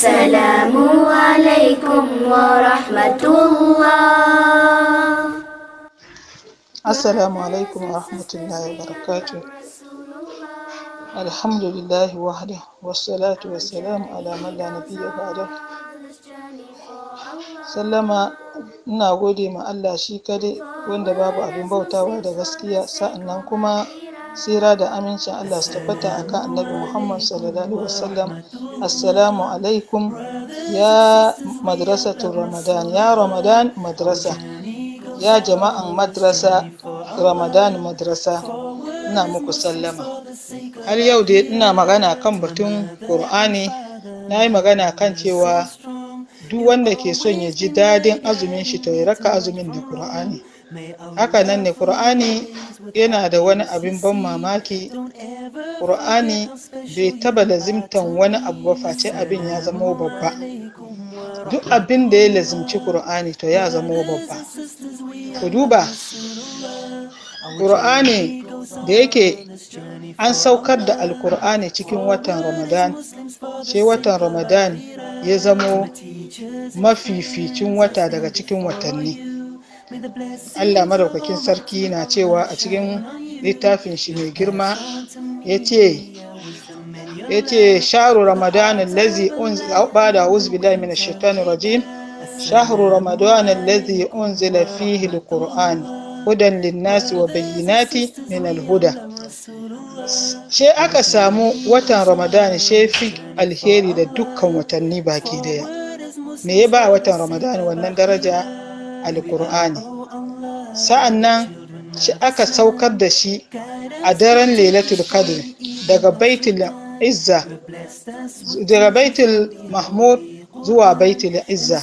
السلام عليكم ورحمة الله السلام عليكم ورحمة الله وبركاته الحمد لله وحده والصلاة والسلام على من لا نبي بعده sallama ina gode ma Allah shi kadai wanda babu abin bautawa da gaskiya sa'annan kuma Tsira da amincin Allah su tabbata a kan annabi Muhammad sallallahu Alaihi wasallam. Assalamu alaikum ya madrasatun Ramadan. Ya Ramadan madrasa. Ya jama'an madrasa Ramadan madrasa. Ina muku sallama. Har yau dai ina magana kan batun Kur'ani. Na yi magana kan cewa duk wanda ke son ya ji dadin azumin shi to ya raka azumin da Kur'ani. haka nan ne ƙur'ani yana da wani abin ban mamaki ƙur'ani bai taba lazimtan wani abu ba face abin ya zama babba duk abin da ya lazimci ƙur'ani to ya zama babba ku duba ƙur'ani da yake an saukar da alkur'ani cikin watan ramadan ce watan ramadan ya zamo mafificin wata daga cikin watanni Allah madaukakin sarki na cewa a cikin littafin shi mai girma ya ce ya ce shaharu ramadanin lazi bada da min shaitanin rajim shaharu Ramadan lazi unzila fihi Kur'an hudan linnasi wa bayyinati min huda. she aka samu watan she fi alheri da dukkan watanni baki daya me ya ba watan Ramadan wannan daraja alkur'ani sa'an nan shi aka saukar da shi a daren lailatul qadr daga baitul izza daga baitul mahmud zuwa baitul izza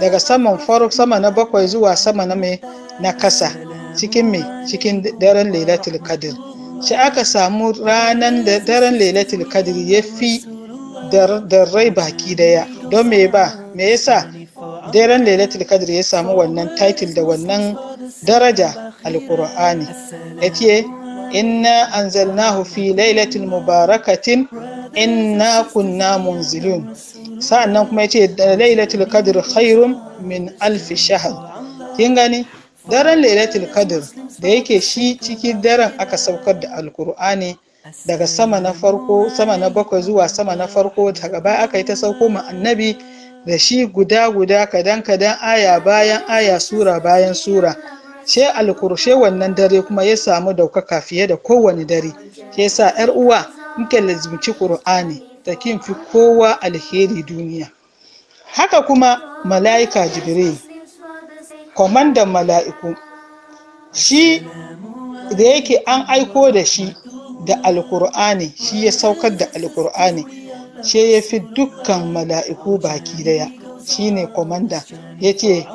daga saman faruk sama na bakwai zuwa sama na mai na kasa cikin mai cikin daren lailatul qadr shi aka samu ranan da daren lailatul qadr ya fi da rai baki daya don me ba me yasa daren lailatul kadr ya samu wannan title da wannan daraja alqur'ani yace inna anzalnahu fi lailatul mubarakatin inna kunna munzilun sa'annan kuma yace da lailatul kadr khairun min alf shahr kin gani daren lailatul kadr da yake shi ciki daren aka saukar da alkur'ani daga sama na farko sama na bakwai zuwa sama na farko daga baya aka yi ta sauko ma annabi da shi guda-guda kadan-kadan aya bayan aya sura bayan sura sai alkurshe wannan dare kuma ya samu daukaka fiye da kowane dare sai sa yar uwa nke lazimci qur'ani ta kin fi kowa alheri duniya haka kuma mala'ika jibril kwamandan mala'iku shi da yake an aiko da shi da alkur'ani shi ya saukar da alkur'ani Sai ya fi dukkan mala'iku baki daya shine komanda ya ce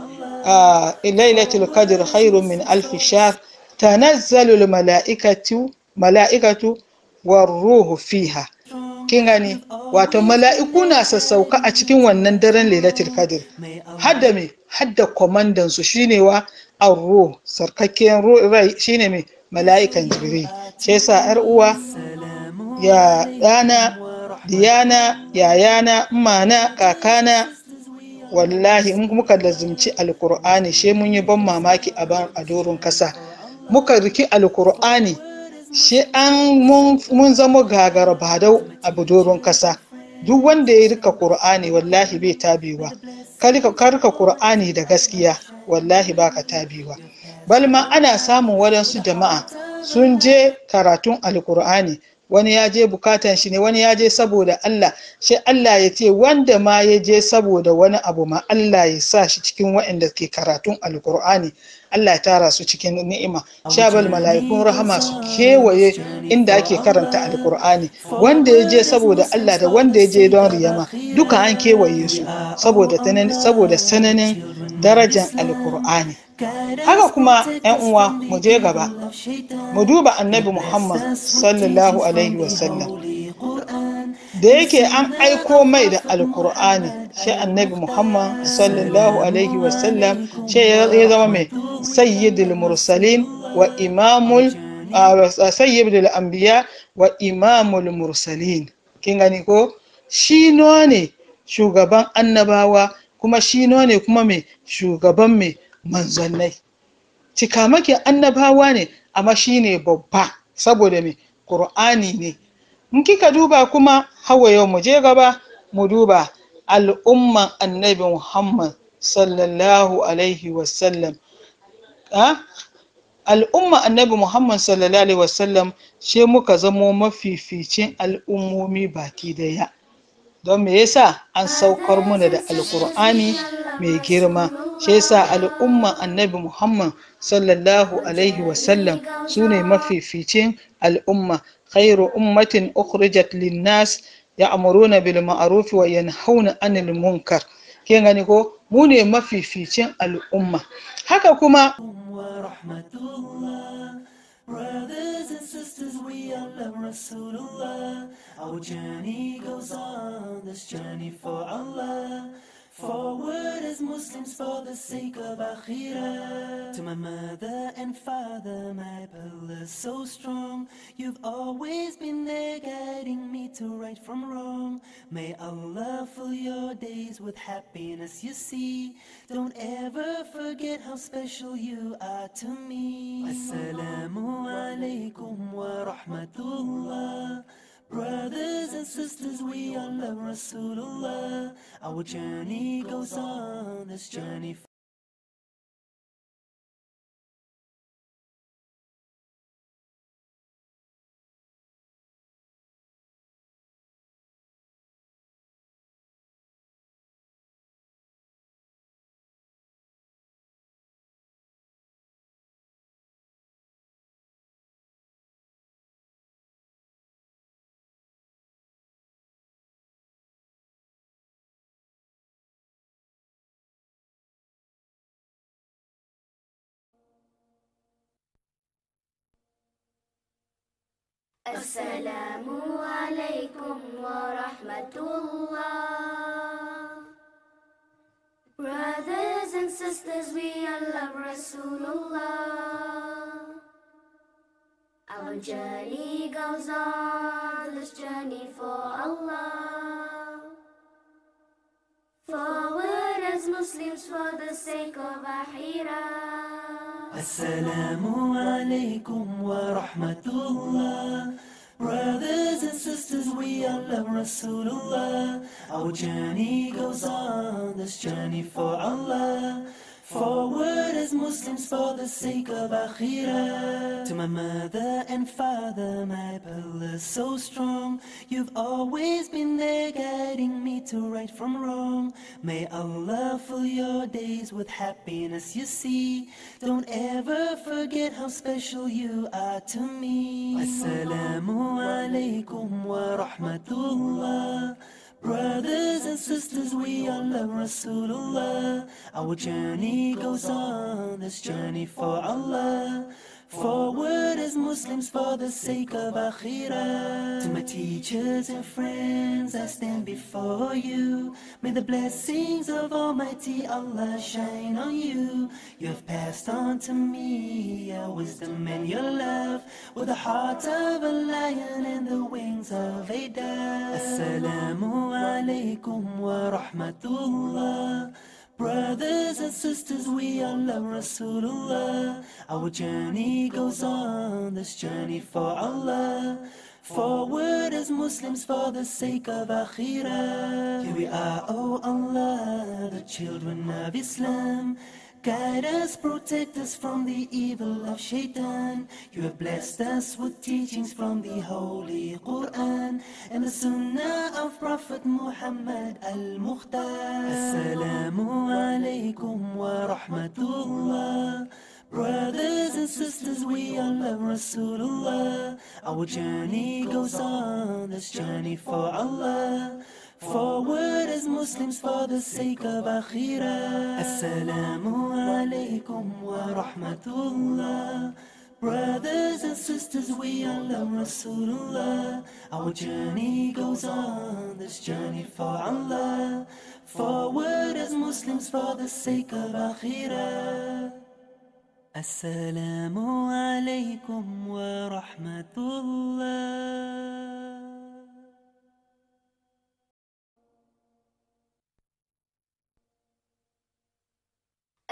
lailatul qadr khairun min alfi shahr tanazzalu mala'ikatu mala'ikatu war ruhu fiha kin gani wato mala'iku na sassauka a cikin wannan daren lailatul Kadir. hadda me hadda komandan su shine wa arruh sarkakken rai shine me mala'ikan jibril sai sa yar uwa ya dana diyana yayana mana kakana wallahi in muka lazumci alkur'ani she mun yi ban mamaki a ban doron kasa muka riki alkur'ani she an mun zama gagara badau a doron kasa duk wanda ya rika qur'ani wallahi bai tabewa ka rika kur'ani da gaskiya wallahi baka tabewa balma ana samun wadansu jama'a sun je karatun alkur'ani wani ya je bukatan shi ne wani ya je saboda Allah shi Allah ya ce wanda ma ya je saboda wani abu ma Allah ya sa shi cikin waɗanda ke karatun alkur'ani Allah ya tara su cikin ni'ima shabal mala'ikun rahama su kewaye inda ake karanta alkur'ani wanda ya je saboda Allah da wanda ya je don riyama duka an kewaye su saboda sananin darajar alkur'ani haka kuma yan uwa mu je gaba mu duba annabi muhammad sallallahu alaihi wasallam da yake an aiko mai da alkur'ani shi annabi muhammad sallallahu alaihi wasallam shi ya zama mai sayyidul mursalin wa imamul ah, sayyidul Ambiya wa imamul mursalin kin gani ko shi ne shugaban annabawa kuma shi ne kuma mai shugaban mai manzannai cikamakin annabawa ne amma shi ne babba saboda mai ƙur'ani ne in kika duba kuma hawa yau mu je gaba mu duba al'umman annabi muhammad sallallahu alaihi wasallam al'umma annabi muhammad sallallahu alaihi wasallam she muka zamo mafificin al'ummomi baki daya don me yasa an saukar muna da alkur'ani mai girma shi yasa al'umma annabi muhammad sallallahu alaihi wasallam su ne mafificin al'umma khairu ummatin ukhrijat linnas ya'muruna bil ma'ruf wa yanhauna anil munkar kin gani ko mu ne mafificin al'umma haka kuma Brothers and sisters, we all love Rasulullah. Our journey goes on, this journey for Allah. Forward as Muslims for the sake of Akhirah. To my mother and father, my pillars so strong. You've always been there guiding me to right from wrong. May Allah fill your days with happiness, you see. Don't ever forget how special you are to me. Assalamu alaikum wa rahmatullah. Brothers and sisters, we all love Rasulullah. Our journey goes on, this journey. السلام عليكم ورحمة الله Brothers and sisters, we all love Rasulullah Our journey goes on, this journey for Allah Forward as Muslims for the sake of Ahirah Assalamu alaikum wa rahmatullah. Brothers and sisters, we all love Rasulullah. Our journey goes on, this journey for Allah. Forward as Muslims for the sake of Akhirah. To my mother and father, my pillars so strong. You've always been there guiding me to right from wrong. May Allah fill your days with happiness you see. Don't ever forget how special you are to me. Assalamu alaikum wa rahmatullah. Brothers and sisters, we are love Rasulullah. Our journey goes on, this journey for Allah. Forward as Muslims for the sake of Akhirah. To my teachers and friends, I stand before you. May the blessings of Almighty Allah shine on you. You have passed on to me your wisdom and your love. With the heart of a lion and the wings of a dove. Assalamu alaykum wa rahmatullah. Brothers and sisters, we all love Rasulullah. Our journey goes on, this journey for Allah. Forward as Muslims for the sake of Akhirah. Here we are, O oh Allah, the children of Islam. Guide us, protect us from the evil of Shaitan. You have blessed us with teachings from the Holy Quran and the Sunnah of Prophet Muhammad al-Mukhtar. Assalamu alaikum wa rahmatullah. Brothers and sisters, we are love Rasulullah. Our journey goes on, this journey for Allah. Forward as Muslims for the sake of Akhirah. Assalamu alaikum wa rahmatullah. Brothers and sisters, we are the Rasulullah. Our journey goes on, this journey for Allah. Forward as Muslims for the sake of Akhirah. Assalamu alaikum wa rahmatullah.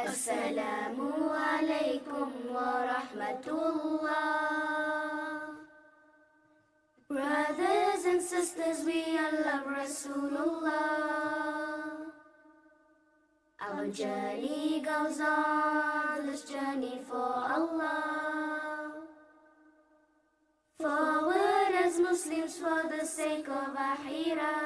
السلام عليكم ورحمة الله Brothers and sisters, we all love Rasulullah Our journey goes on, this journey for Allah Forward as Muslims for the sake of Ahirah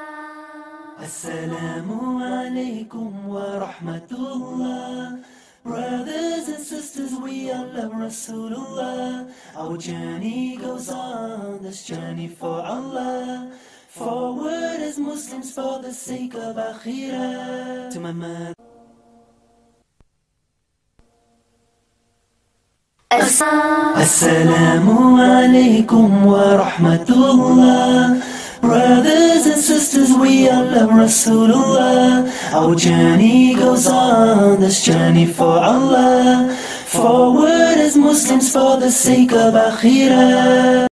السلام عليكم ورحمة الله Brothers and sisters, we are love Rasulullah. Our journey goes on, this journey for Allah. Forward as Muslims for the sake of Akhirah. To my mother. السلام عليكم ورحمة الله Brothers and sisters, we all love Rasulullah. Our journey goes on, this journey for Allah. Forward as Muslims for the sake of Akhirah.